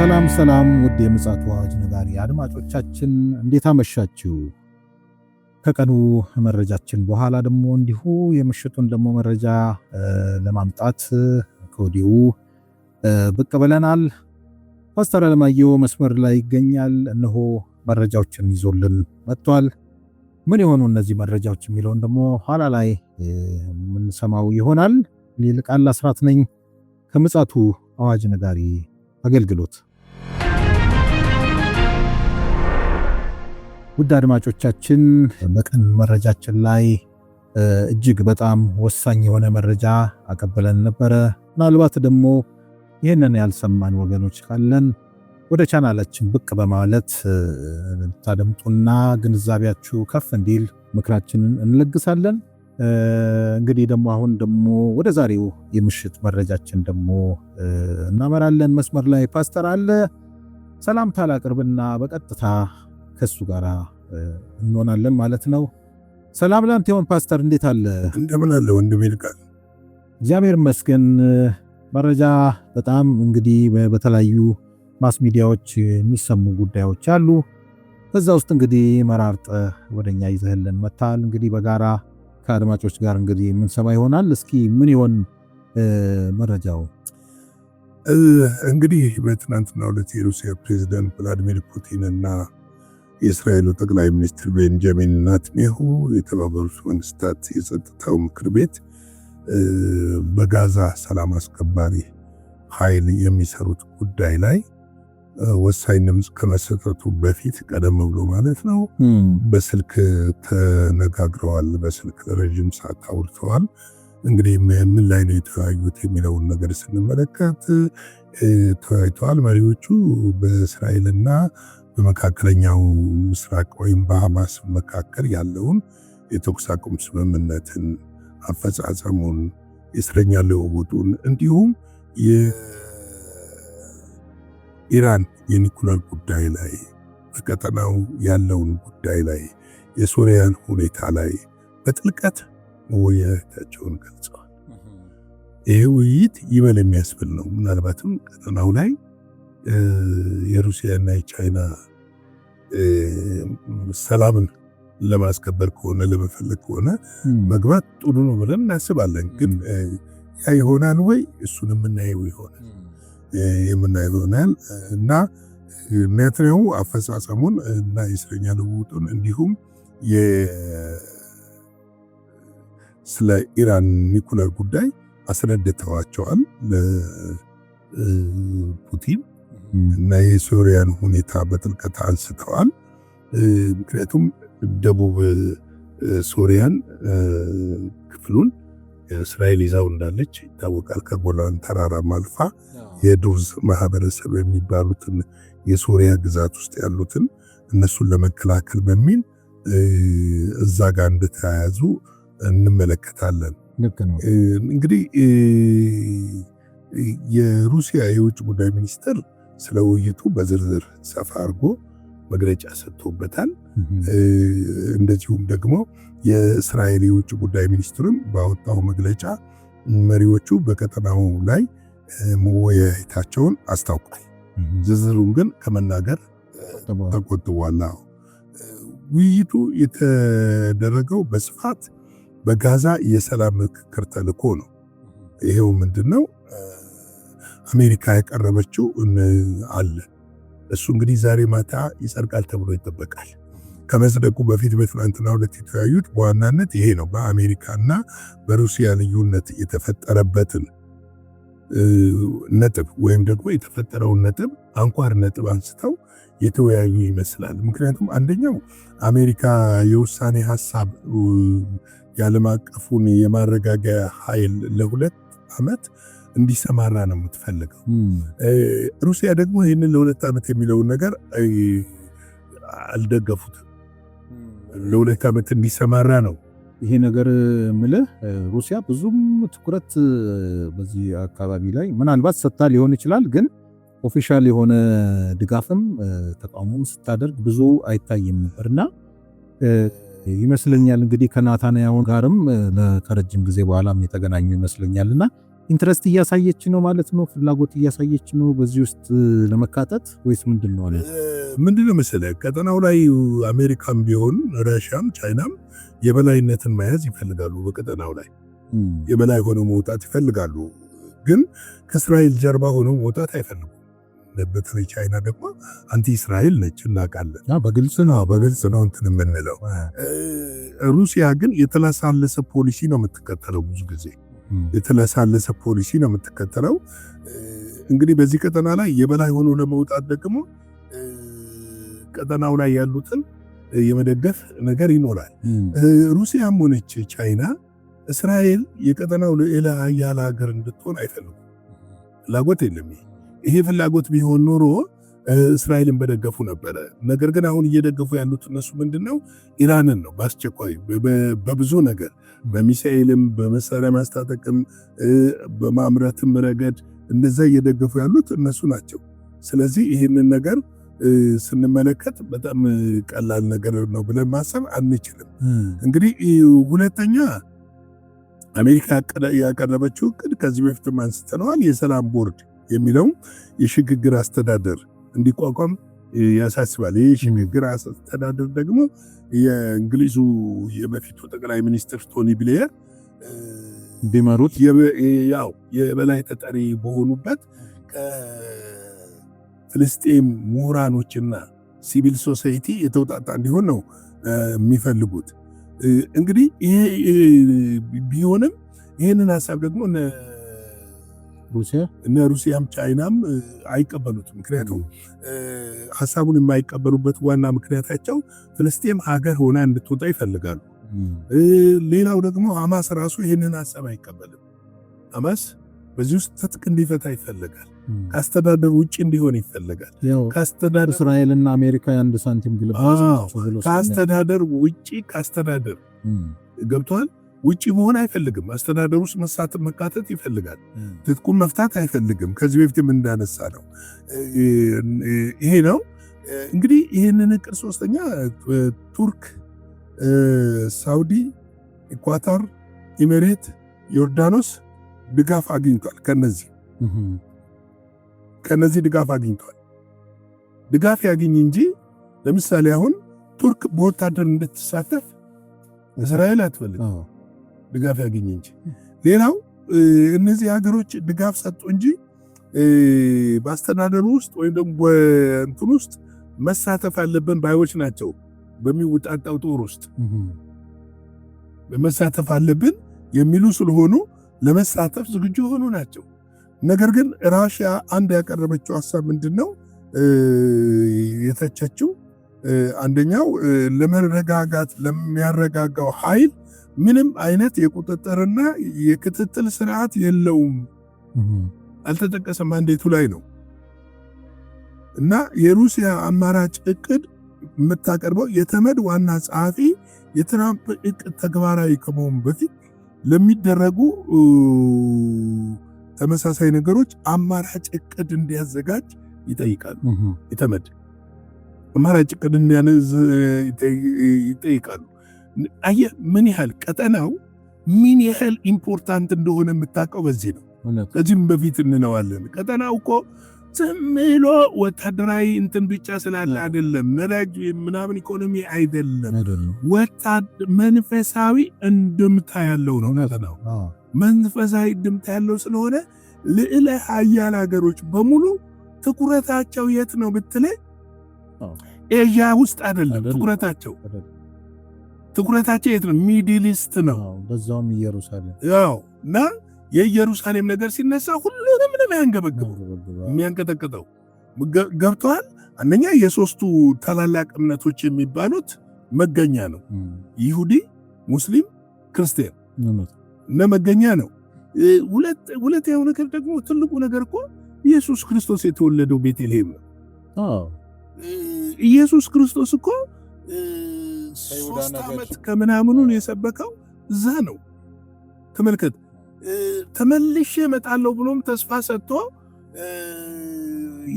ሰላም ሰላም፣ ውድ የምፅዓቱ አዋጅ ነጋሪ አድማጮቻችን እንዴት አመሻችሁ? ከቀኑ መረጃችን በኋላ ደግሞ እንዲሁ የምሽቱን ደግሞ መረጃ ለማምጣት ከወዲሁ ብቅ ብለናል። ፓስተር አለማየሁ መስመር ላይ ይገኛል። እነሆ መረጃዎችን ይዞልን መጥቷል። ምን የሆኑ እነዚህ መረጃዎች የሚለውን ደግሞ ኋላ ላይ የምንሰማው ይሆናል። ሊልቃል አስራት ነኝ ከምፅዓቱ አዋጅ ነጋሪ አገልግሎት ውድ አድማጮቻችን በቀን መረጃችን ላይ እጅግ በጣም ወሳኝ የሆነ መረጃ አቀብለን ነበረ። ምናልባት ደግሞ ይህንን ያልሰማን ወገኖች ካለን ወደ ቻናላችን ብቅ በማለት ታደምጡና ግንዛቤያችሁ ከፍ እንዲል ምክራችንን እንለግሳለን። እንግዲህ ደግሞ አሁን ደግሞ ወደ ዛሬው የምሽት መረጃችን ደግሞ እናመራለን። መስመር ላይ ፓስተር አለ ሰላምታ ላቅርብና በቀጥታ ከሱ ጋር እንሆናለን ማለት ነው። ሰላም ላንተ ይሁን ፓስተር፣ እንዴት አለ? እንደምን አለ ወንድሜ ይልቃል? እግዚአብሔር ይመስገን። መረጃ በጣም እንግዲህ በተለያዩ ማስ ሚዲያዎች የሚሰሙ ጉዳዮች አሉ። በዛ ውስጥ እንግዲህ መራርጥ ወደኛ ይዘህልን መታል። እንግዲህ በጋራ ከአድማጮች ጋር እንግዲህ የምንሰማ ይሆናል። እስኪ ምን ይሆን መረጃው? እንግዲህ በትናንትና ሁለት የሩሲያ ፕሬዚደንት ቭላዲሚር ፑቲን እና የእስራኤሉ ጠቅላይ ሚኒስትር ቤንጃሚን ናትኔሁ የተባበሩት መንግስታት የጸጥታው ምክር ቤት በጋዛ ሰላም አስከባሪ ኃይል የሚሰሩት ጉዳይ ላይ ወሳኝ ድምፅ ከመሰጠቱ በፊት ቀደም ብሎ ማለት ነው፣ በስልክ ተነጋግረዋል። በስልክ ረዥም ሰዓት አውርተዋል። እንግዲህ ምን ላይ ነው የተወያዩት የሚለውን ነገር ስንመለከት ተወያይተዋል። መሪዎቹ በእስራኤልና በመካከለኛው ምስራቅ ወይም በሐማስ መካከል ያለውን የተኩስ አቁም ስምምነትን አፈጻጸሙን፣ የእስረኛ ልውውጡን እንዲሁም የኢራን የኒኩለር ጉዳይ ላይ በቀጠናው ያለውን ጉዳይ ላይ የሶሪያን ሁኔታ ላይ በጥልቀት መወያየታቸውን ገልጸዋል። ይህ ውይይት ይበል የሚያስብል ነው። ምናልባትም ቀጠናው ላይ የሩሲያ እና የቻይና ሰላምን ለማስከበር ከሆነ ለመፈለግ ከሆነ መግባት ጥሩ ነው ብለን እናስባለን። ግን ያ ይሆናል ወይ እሱን የምናየው ይሆነ የምናየው ይሆናል እና ኔትኔው አፈጻጸሙን እና የእስረኛ ልውውጡን እንዲሁም ስለ ኢራን ኒኩለር ጉዳይ አስረድተዋቸዋል ለፑቲን። እና የሶሪያን ሁኔታ በጥልቀት አንስተዋል። ምክንያቱም ደቡብ ሶሪያን ክፍሉን እስራኤል ይዛው እንዳለች ይታወቃል። ከጎላን ተራራ ማልፋ የዱርዝ ማህበረሰብ የሚባሉትን የሶሪያ ግዛት ውስጥ ያሉትን እነሱን ለመከላከል በሚል እዛ ጋር እንደተያያዙ እንመለከታለን። እንግዲህ የሩሲያ የውጭ ጉዳይ ሚኒስትር ስለ ውይይቱ በዝርዝር ሰፋ አድርጎ መግለጫ ሰጥቶበታል። እንደዚሁም ደግሞ የእስራኤል የውጭ ጉዳይ ሚኒስትርም ባወጣው መግለጫ መሪዎቹ በቀጠናው ላይ መወያየታቸውን አስታውቋል። ዝርዝሩን ግን ከመናገር ተቆጥቧል። ውይይቱ የተደረገው በስፋት በጋዛ የሰላም ምክክር ተልኮ ነው። ይሄው ምንድን ነው? አሜሪካ ያቀረበችው አለ። እሱ እንግዲህ ዛሬ ማታ ይጸድቃል ተብሎ ይጠበቃል። ከመጽደቁ በፊት በትናንትና ሁለት የተወያዩት በዋናነት ይሄ ነው። እና በሩሲያ ልዩነት የተፈጠረበትን ነጥብ ወይም ደግሞ የተፈጠረውን ነጥብ አንኳር ነጥብ አንስተው የተወያዩ ይመስላል። ምክንያቱም አንደኛው አሜሪካ የውሳኔ ሀሳብ የዓለም አቀፉን የማረጋጊያ ኃይል ለሁለት ዓመት እንዲሰማራ ነው የምትፈልገው። ሩሲያ ደግሞ ይህንን ለሁለት ዓመት የሚለውን ነገር አልደገፉትም። ለሁለት ዓመት እንዲሰማራ ነው ይሄ ነገር ምልህ ሩሲያ ብዙም ትኩረት በዚህ አካባቢ ላይ ምናልባት ሰጥታ ሊሆን ይችላል፣ ግን ኦፊሻል የሆነ ድጋፍም ተቃውሞም ስታደርግ ብዙ አይታይም ነበርና ይመስለኛል እንግዲህ ከናታንያሁ ጋርም ከረጅም ጊዜ በኋላም የተገናኙ ይመስለኛልና ኢንትረስት እያሳየች ነው ማለት ነው። ፍላጎት እያሳየች ነው በዚህ ውስጥ ለመካተት ወይስ ምንድን ነው? ምንድን መሰለህ ቀጠናው ላይ አሜሪካም ቢሆን ራሽያም ቻይናም የበላይነትን መያዝ ይፈልጋሉ። በቀጠናው ላይ የበላይ ሆነው መውጣት ይፈልጋሉ። ግን ከእስራኤል ጀርባ ሆኖ መውጣት አይፈልጉም። በተለይ ቻይና ደግሞ አንቲ እስራኤል ነች፣ እናውቃለን። በግልጽ ነው በግልጽ ነው እንትን የምንለው። ሩሲያ ግን የተለሳለሰ ፖሊሲ ነው የምትከተለው ብዙ ጊዜ የተለሳለሰ ፖሊሲ ነው የምትከተለው። እንግዲህ በዚህ ቀጠና ላይ የበላይ ሆኖ ለመውጣት ደግሞ ቀጠናው ላይ ያሉትን የመደገፍ ነገር ይኖራል። ሩሲያም ሆነች ቻይና እስራኤል የቀጠናው ሌላ ያለ ሀገር እንድትሆን አይፈልጉም። ፍላጎት የለም። ይሄ ፍላጎት ቢሆን ኖሮ እስራኤልን በደገፉ ነበረ። ነገር ግን አሁን እየደገፉ ያሉት እነሱ ምንድን ነው? ኢራንን ነው። በአስቸኳይ በብዙ ነገር በሚሳኤልም በመሳሪያ ማስታጠቅም በማምረትም ረገድ እንደዛ እየደገፉ ያሉት እነሱ ናቸው። ስለዚህ ይህንን ነገር ስንመለከት በጣም ቀላል ነገር ነው ብለን ማሰብ አንችልም። እንግዲህ ሁለተኛ አሜሪካ ያቀረበችው እቅድ ከዚህ በፊት አንስተነዋል። የሰላም ቦርድ የሚለው የሽግግር አስተዳደር እንዲቋቋም ያሳስባል። ይህ ሽግግር አስተዳደር ደግሞ የእንግሊዙ የበፊቱ ጠቅላይ ሚኒስትር ቶኒ ብሌየር ቢመሩት ያው የበላይ ተጠሪ በሆኑበት ከፍልስጤም ምሁራኖችና ሲቪል ሶሳይቲ የተውጣጣ እንዲሆን ነው የሚፈልጉት። እንግዲህ ይሄ ቢሆንም ይህንን ሀሳብ ደግሞ እና ሩሲያም ቻይናም አይቀበሉት። ምክንያቱም ሀሳቡን የማይቀበሉበት ዋና ምክንያታቸው ፍልስጤም ሀገር ሆና እንድትወጣ ይፈልጋሉ። ሌላው ደግሞ አማስ ራሱ ይህንን ሀሳብ አይቀበልም። ሐማስ በዚህ ውስጥ ትጥቅ እንዲፈታ ይፈልጋል። ከአስተዳደር ውጭ እንዲሆን ይፈልጋል። ከአስተዳደር እስራኤልና አሜሪካ የአንድ ሳንቲም ግልብ ከአስተዳደር ውጭ ከአስተዳደር ገብቷል ውጭ መሆን አይፈልግም። አስተዳደር ውስጥ መሳተፍ መካተት ይፈልጋል። ትጥቁን መፍታት አይፈልግም። ከዚህ በፊትም እንዳነሳ ነው ይሄ ነው እንግዲህ ይህንን እቅድ ሶስተኛ ቱርክ፣ ሳውዲ፣ ኢኳታር፣ ኢሜሬት፣ ዮርዳኖስ ድጋፍ አግኝቷል። ከነዚህ ከነዚህ ድጋፍ አግኝቷል። ድጋፍ ያግኝ እንጂ ለምሳሌ አሁን ቱርክ በወታደር እንድትሳተፍ እስራኤል አትፈልግም። ድጋፍ ያገኘ እንጂ። ሌላው እነዚህ ሀገሮች ድጋፍ ሰጡ እንጂ በአስተዳደሩ ውስጥ ወይም ደግሞ በእንትን ውስጥ መሳተፍ አለብን ባዮች ናቸው። በሚወጣጣው ጦር ውስጥ መሳተፍ አለብን የሚሉ ስለሆኑ ለመሳተፍ ዝግጁ የሆኑ ናቸው። ነገር ግን ራሽያ አንድ ያቀረበችው ሀሳብ ምንድን ነው የተቸችው? አንደኛው ለመረጋጋት ለሚያረጋጋው ኃይል ምንም አይነት የቁጥጥርና የክትትል ስርዓት የለውም። አልተጠቀሰም ማንዴቱ ላይ ነው እና የሩሲያ አማራጭ እቅድ የምታቀርበው የተመድ ዋና ጸሐፊ የትራምፕ እቅድ ተግባራዊ ከመሆኑ በፊት ለሚደረጉ ተመሳሳይ ነገሮች አማራጭ እቅድ እንዲያዘጋጅ ይጠይቃሉ። የተመድ አማራጭ እቅድ እንዲያነዝ ይጠይቃሉ። አየ ምን ያህል ቀጠናው ምን ያህል ኢምፖርታንት እንደሆነ የምታውቀው በዚህ ነው። ከዚህም በፊት እንነዋለን። ቀጠናው እኮ ዝም ብሎ ወታደራዊ እንትን ብቻ ስላለ አይደለም፣ ነዳጅ ምናምን ኢኮኖሚ አይደለም። መንፈሳዊ እንድምታ ያለው ነው ቀጠናው። መንፈሳዊ እንድምታ ያለው ስለሆነ ልዕለ ሀያል ሀገሮች በሙሉ ትኩረታቸው የት ነው ብትለ ኤዥያ ውስጥ አይደለም ትኩረታቸው ትኩረታቸው የት ነው? ሚድል ኢስት ነው፣ በዛውም ኢየሩሳሌም እና የኢየሩሳሌም ነገር ሲነሳ ሁሉንም ነው የሚያንገበግበው የሚያንቀጠቅጠው። ገብተዋል። አንደኛ የሶስቱ ታላላቅ እምነቶች የሚባሉት መገኛ ነው። ይሁዲ፣ ሙስሊም፣ ክርስቲያን እነ መገኛ ነው። ሁለተኛው ነገር ደግሞ ትልቁ ነገር እኮ ኢየሱስ ክርስቶስ የተወለደው ቤተልሔም ነው። ኢየሱስ ክርስቶስ እኮ ሶስት ዓመት ከምናምኑን የሰበከው እዛ ነው። ተመልከት ተመልሼ እመጣለሁ ብሎም ተስፋ ሰጥቶ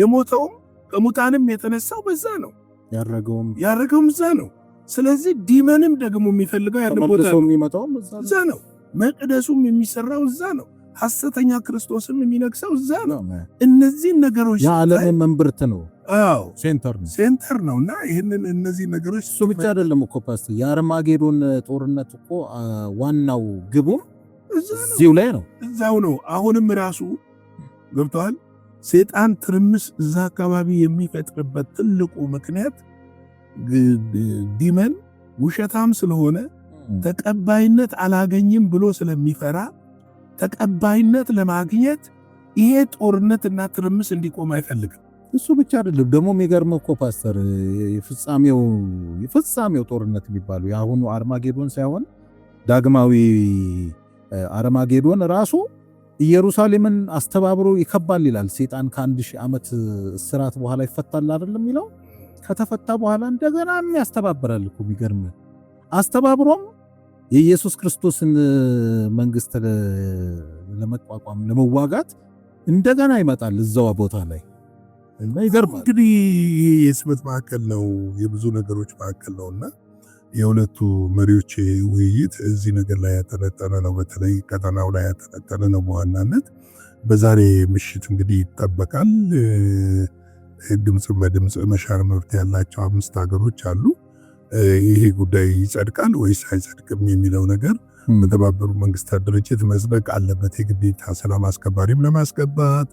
የሞተውም ከሙታንም የተነሳው በዛ ነው። ያረገውም እዛ ነው። ስለዚህ ዲመንም ደግሞ የሚፈልገው ያን ቦታ እዛ ነው። መቅደሱም የሚሰራው እዛ ነው። ሐሰተኛ ክርስቶስም የሚነግሰው እዛ ነው። እነዚህን ነገሮች የዓለም መንብርት ነው፣ ሴንተር ነው እና ይህንን እነዚህ ነገሮች እሱ ብቻ አይደለም እኮ ፓስ የአርማጌዶን ጦርነት እኮ ዋናው ግቡ እዚሁ ላይ ነው፣ እዛው ነው። አሁንም ራሱ ገብተዋል። ሴጣን ትርምስ እዛ አካባቢ የሚፈጥርበት ትልቁ ምክንያት ዲመን ውሸታም ስለሆነ ተቀባይነት አላገኝም ብሎ ስለሚፈራ ተቀባይነት ለማግኘት ይሄ ጦርነትና ትርምስ እንዲቆም አይፈልግም። እሱ ብቻ አይደለም ደግሞ የሚገርመው እኮ ፓስተር የፍጻሜው የፍጻሜው ጦርነት የሚባሉ የአሁኑ አርማጌዶን ሳይሆን ዳግማዊ አርማጌዶን ራሱ ኢየሩሳሌምን አስተባብሮ ይከባል ይላል። ሴጣን ከአንድ ሺህ ዓመት እስራት በኋላ ይፈታል አይደለም የሚለው ከተፈታ በኋላ እንደገና ያስተባብራል እኮ የሚገርም አስተባብሮም የኢየሱስ ክርስቶስን መንግስት ለመቋቋም ለመዋጋት እንደገና ይመጣል እዛው ቦታ ላይ እና ይገርማል። እንግዲህ የስበት ማዕከል ነው፣ የብዙ ነገሮች ማዕከል ነው እና የሁለቱ መሪዎች ውይይት እዚህ ነገር ላይ ያጠነጠነ ነው። በተለይ ቀጠናው ላይ ያጠነጠነ ነው በዋናነት በዛሬ ምሽት እንግዲህ ይጠበቃል። ድምፅ በድምፅ መሻር መብት ያላቸው አምስት ሀገሮች አሉ። ይሄ ጉዳይ ይጸድቃል ወይስ አይጸድቅም የሚለው ነገር በተባበሩ መንግስታት ድርጅት መጽደቅ አለበት የግዴታ። ሰላም አስከባሪም ለማስገባት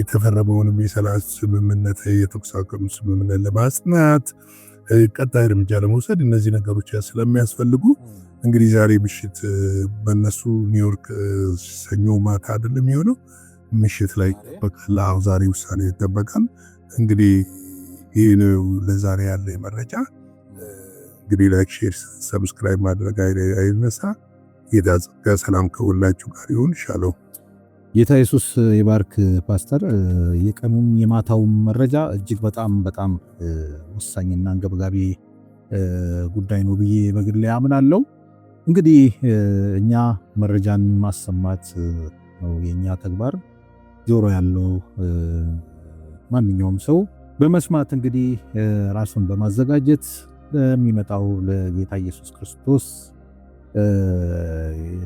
የተፈረመውንም የሰላም ስምምነት የተኩስ አቁም ስምምነት ለማጽናት ቀጣይ እርምጃ ለመውሰድ እነዚህ ነገሮች ስለሚያስፈልጉ እንግዲህ ዛሬ ምሽት በነሱ ኒውዮርክ ሰኞ ማታ አይደለም የሚሆነው ምሽት ላይ ይጠበቃል። ዛሬ ውሳኔ ይጠበቃል እንግዲህ ይህ ነው ለዛሬ ያለ መረጃ። እንግዲህ ላይክ፣ ሼር፣ ሰብስክራይብ ማድረግ አይነሳ። ጌታ ጸጋ ሰላም ከሁላችሁ ጋር ይሁን። ሻሎም። ጌታ ኢየሱስ የባርክ። ፓስተር፣ የቀኑም የማታውም መረጃ እጅግ በጣም በጣም ወሳኝና አንገብጋቢ ጉዳይ ነው ብዬ በግሌ አምናለሁ። እንግዲህ እኛ መረጃን ማሰማት ነው የእኛ ተግባር። ጆሮ ያለው ማንኛውም ሰው በመስማት እንግዲህ ራሱን በማዘጋጀት ለሚመጣው ለጌታ ኢየሱስ ክርስቶስ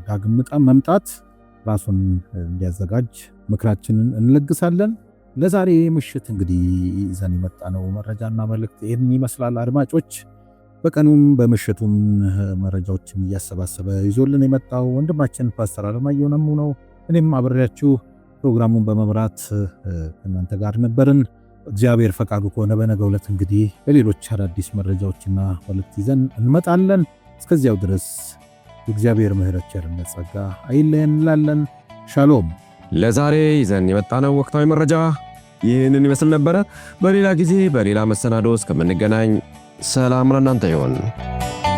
ዳግም መምጣት ራሱን እንዲያዘጋጅ ምክራችንን እንለግሳለን። ለዛሬ ምሽት እንግዲህ ይዘን የመጣነው መረጃና መልእክት ይህን ይመስላል። አድማጮች በቀኑም በምሽቱም መረጃዎችን እያሰባሰበ ይዞልን የመጣው ወንድማችን ፓስተር አለማየሁ ነሙ ነው። እኔም አብሬያችሁ ፕሮግራሙን በመምራት ከእናንተ ጋር ነበርን። እግዚአብሔር ፈቃዱ ከሆነ በነገ ዕለት እንግዲህ በሌሎች አዳዲስ መረጃዎችና ሁለት ይዘን እንመጣለን። እስከዚያው ድረስ የእግዚአብሔር ምሕረት፣ ቸርነት፣ ጸጋ አይለየን እንላለን። ሻሎም። ለዛሬ ይዘን የመጣነው ወቅታዊ መረጃ ይህንን ይመስል ነበረ። በሌላ ጊዜ በሌላ መሰናዶ እስከምንገናኝ ሰላም ለእናንተ ይሆን።